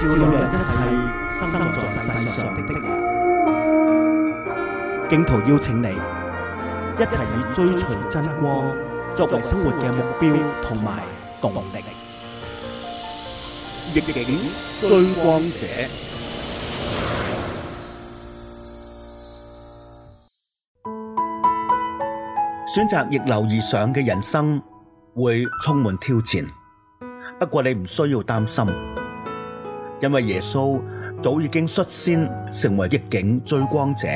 照亮一切生在世上的的人，荊徒邀請你一齊以追隨真光作為生活嘅目標同埋動力，逆境追光者，選擇逆流而上嘅人生會充滿挑戰，不過你唔需要擔心。因為耶穌早已經率先成為逆境追光者，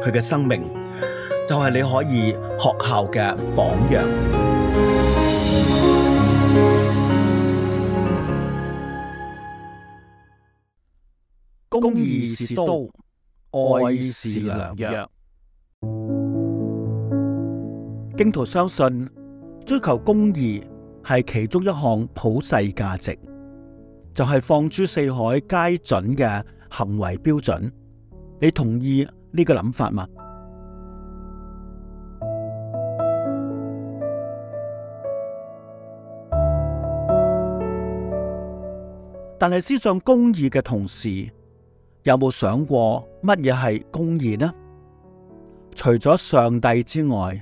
佢嘅生命就係你可以學校嘅榜樣。公義是刀，愛是良藥。基督徒相信追求公義係其中一項普世價值。就係放諸四海皆準嘅行為標準，你同意呢個諗法嗎？但係思想公義嘅同時，有冇想過乜嘢係公義呢？除咗上帝之外，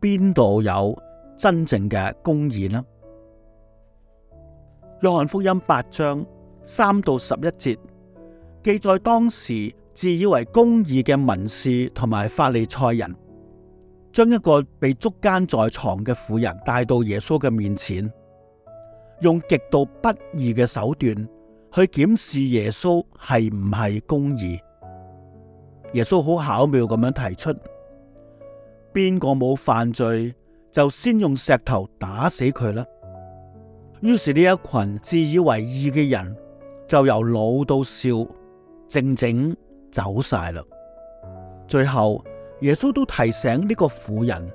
邊度有真正嘅公義呢？約翰福音八章三到十一節記載，當時自以為公義嘅文士同埋法利賽人，將一個被捉奸在床嘅婦人帶到耶穌嘅面前，用極度不義嘅手段去檢視耶穌係唔係公義。耶穌好巧妙咁樣提出：邊個冇犯罪，就先用石頭打死佢啦！於是呢一群自以為義嘅人就由老到少靜靜走晒啦。最後耶穌都提醒呢個婦人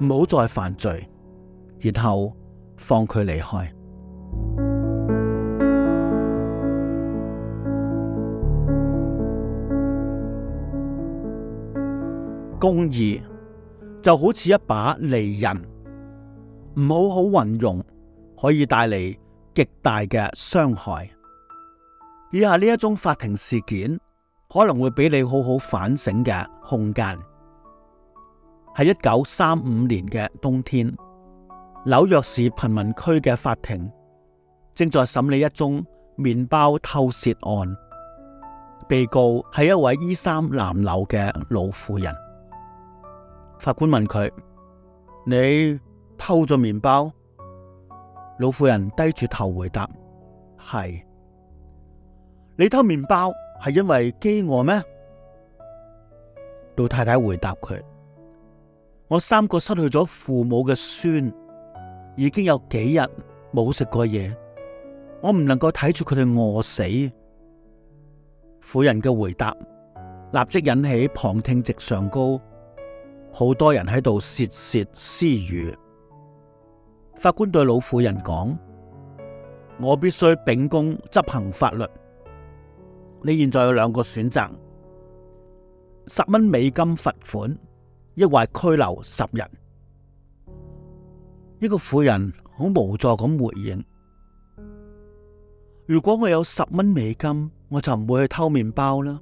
唔好再犯罪，然後放佢離開。公義就好似一把利刃，唔好好運用。可以帶嚟極大嘅傷害。以下呢一宗法庭事件，可能會俾你好好反省嘅空間。喺一九三五年嘅冬天，紐約市貧民區嘅法庭正在審理一宗麵包偷竊案。被告係一位衣衫襤褸嘅老婦人。法官問佢：「你偷咗麵包？」老婦人低住頭回答：係。你偷麵包係因為飢餓咩？老太太回答佢：我三個失去咗父母嘅孫已經有幾日冇食過嘢，我唔能夠睇住佢哋餓死。婦人嘅回答立即引起旁聽席上高，好多人喺度竊竊私語。法官對老婦人講：我必須秉公執行法律。你現在有兩個選擇：十蚊美金罰款，抑或拘留十日。呢個婦人好無助咁回應：如果我有十蚊美金，我就唔會去偷麵包啦。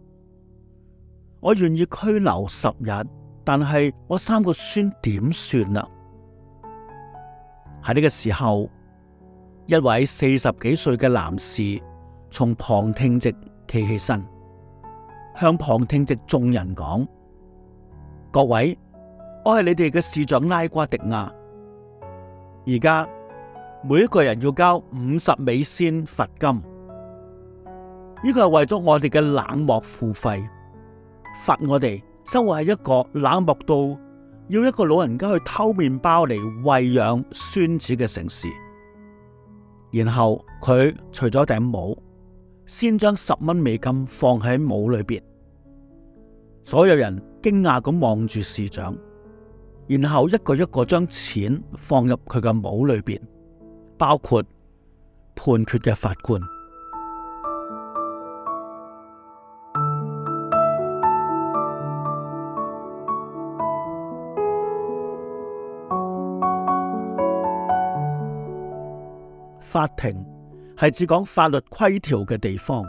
我願意拘留十日，但係我三個孫點算啊？喺呢個時候，一位四十幾歲嘅男士從旁聽席企起身，向旁聽席眾人講：各位，我係你哋嘅市長拉瓜迪亞。而家每一個人要交五十美仙罰金，呢個係為咗我哋嘅冷漠付費，罰我哋生活喺一個冷漠到。要一個老人家去偷麵包嚟餵養孫子嘅城市，然後佢除咗頂帽，先將十蚊美金放喺帽裏邊，所有人驚訝咁望住市長，然後一個一個將錢放入佢嘅帽裏邊，包括判決嘅法官。法庭係只講法律規條嘅地方，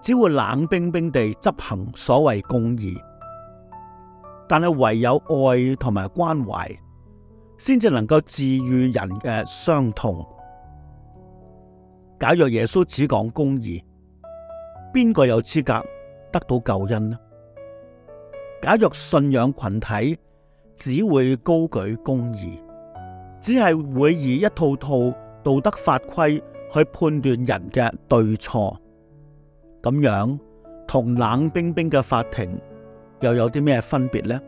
只會冷冰冰地執行所謂公義。但係唯有愛同埋關懷，先至能夠治愈人嘅傷痛。假若耶穌只講公義，邊個有資格得到救恩呢？假若信仰群體只會高舉公義，只係會以一套套。道德法規去判斷人嘅對錯，咁樣同冷冰冰嘅法庭又有啲咩分別呢？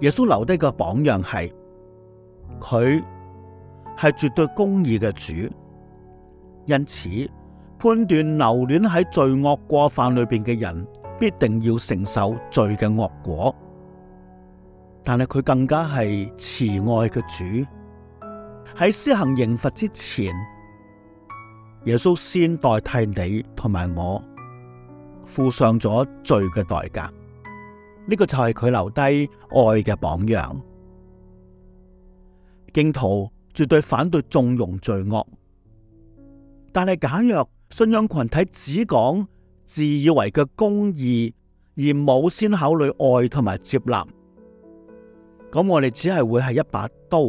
耶穌留低嘅榜樣係佢係絕對公義嘅主，因此。判斷留戀喺罪惡過犯裏邊嘅人，必定要承受罪嘅惡果。但係佢更加係慈愛嘅主，喺施行刑罰之前，耶穌先代替你同埋我付上咗罪嘅代價。呢、這個就係佢留低愛嘅榜樣。荊徒絕對反對縱容罪惡，但係假若。信仰群體只講自以為嘅公義，而冇先考慮愛同埋接納，咁我哋只係會係一把刀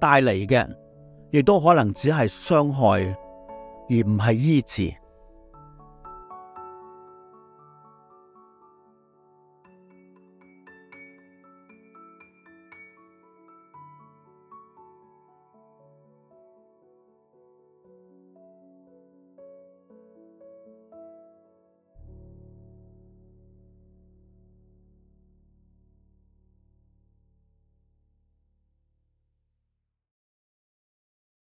帶嚟嘅，亦都可能只係傷害，而唔係醫治。